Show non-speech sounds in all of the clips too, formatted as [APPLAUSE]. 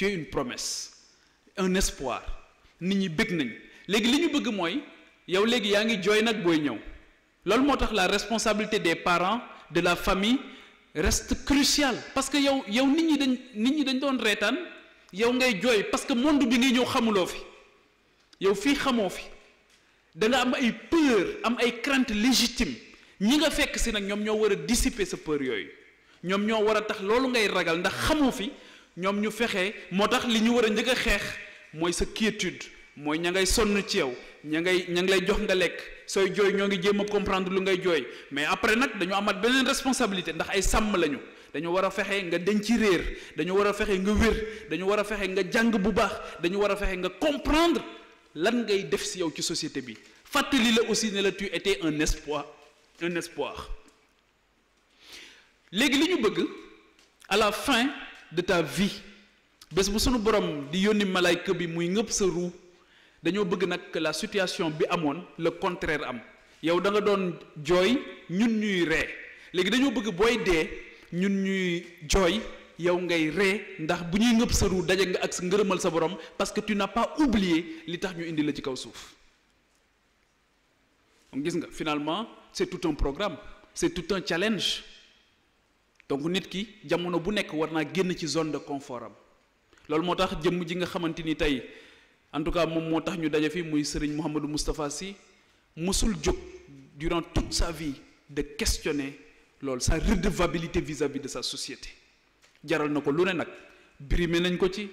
tu es une promesse un espoir nit ñi bëgg nañ léegi li ñu bëgg mooy yow léegi yaa ngi jooy nag booy ñëw loolu moo tax la responsabilité des parents de la famille reste cruciale parce que yow yow nit ñi dañ nit ñi dañ doon reetaan yow ngay jooy parce que monde bi ngay ñëw xamuloo fi yow fii xamoo fi da am ay peur am ay crainte légitime ñi nga fekk si nag ñoom ñoo war a dissiper sa peur yooyu ñoom ñoo war a tax loolu ngay ragal ndax xamoo fi ñoom ñu fexe moo tax li ñu war a njëkk a xeex mooy sa quiétude mooy ña ngay sonn ci yow ña ngay ña lay jox nga lekk sooy jooy ñoo ngi jéem a comprendre lu ngay jooy mais après nag dañoo amaat beneen responsabilité ndax ay sàmm lañu dañu war a fexe nga ci réer dañu war a fexe nga wér dañu war a fexe nga jàng bu baax dañu war a fexe nga comprendre lan ngay def si yow ci société bi fàttali la aussi ne la tu étais un espoir un espoir léegi li ñu bëgg à la de ta vie bés bu sunu borom di yónni malayka bi muy ngëpp sa ruu dañoo bëgg nag la situation bi amoon le contraire am yow danga doon jooy ñun ñuy ree léegi dañoo bëgg booy dee ñun ñuy jooy yow ngay ree ndax bu ñuy ngëpp sa ruu daje nga ak sa ngërëmal sa borom parce que tu n'as pas oublié li tax ñu indi la ci kaw suuf donc gis nga finalement c'est tout un programme c'est tout un challenge donc nit ki jamono bu nekk war naa génn ci zone de confort am loolu moo tax jëmm ji nga xamante ni tey en tout cas moom moo tax ñu daje fii muy Serigne Mouhamadou Moustapha si mësul jóg durant toute sa vie de questionner loolu sa redevabilité vis-à-vis de sa société jaral na ko lu ne nag brimé nañ ko ci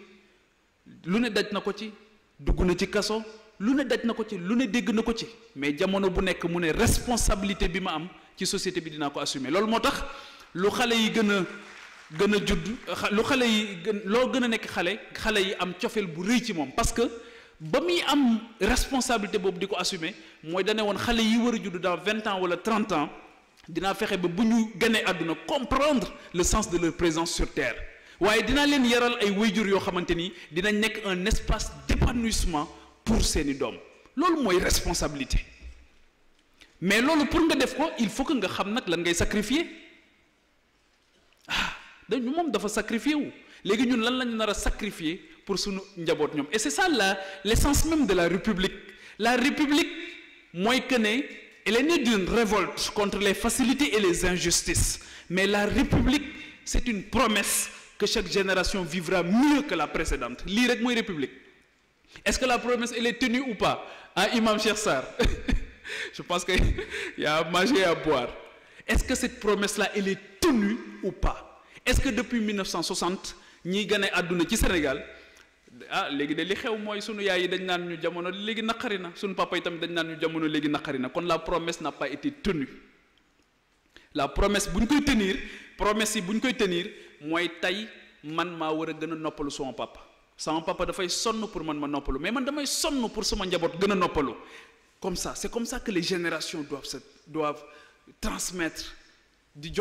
lu ne daj na ko ci dugg na ci kaso lu ne daj na ko ci lu ne dégg na ko ci mais jamono bu nekk mu ne responsabilité bi ma am ci société bi dinaa ko assumer loolu moo tax lu xale yi gën a gën a judd lu xale yi gën loo gën a nekk xale xale yi am cofeel bu rëy ci moom parce que ba muy am responsabilité boobu di ko assumer mooy dane woon xale yi war a judd dans vingt ans wala trente ans dina fexe ba bu ñu gënee àdduna comprendre le sens de leur présence sur terre waaye dina leen yaral ay wayjur yoo xamante ni dina nekk un espace d'épanouissement pour seeni doom loolu mooy responsabilité mais loolu pour nga def ko il faut que nga xam nag lan ngay sacrifier dañ moom dafa sacrifié wu léegi ñun lan lañu nar a sacrifier pour suñu njaboot ñoom et c'est ça la l'essence même de la république la république mooy que ne elle est née d'une révolte contre les facilités et les injustices mais la république c'est une promesse que chaque génération vivra mieux que la précédente lii rek mooy république est-ce que la promesse elle est tenue ou pas ah imam Cheikh Sarr [LAUGHS] je pense que [LAUGHS] y a boire est-ce que cette promesse-là elle est tenue ou pas est-ce que depuis 1960 ñiy gane àdduna ci Sénégal ah léegi de li xew mooy sunu yaay yi dañ naan ñu jamono léegi naqari na sunu papa yi tamit dañ naan ñu jamono léegi naqari na kon la promesse n'a pas été tenue la promesse bu ñu koy tenir promesse yi bu ñu koy tenir mooy tey man maa war a gën a noppalu sama papa sama papa dafay sonn pour man ma noppalu mais man damay sonn pour sama njaboot gën a noppalu comme ça c'est comme ça que les générations doivent se doivent transmettre di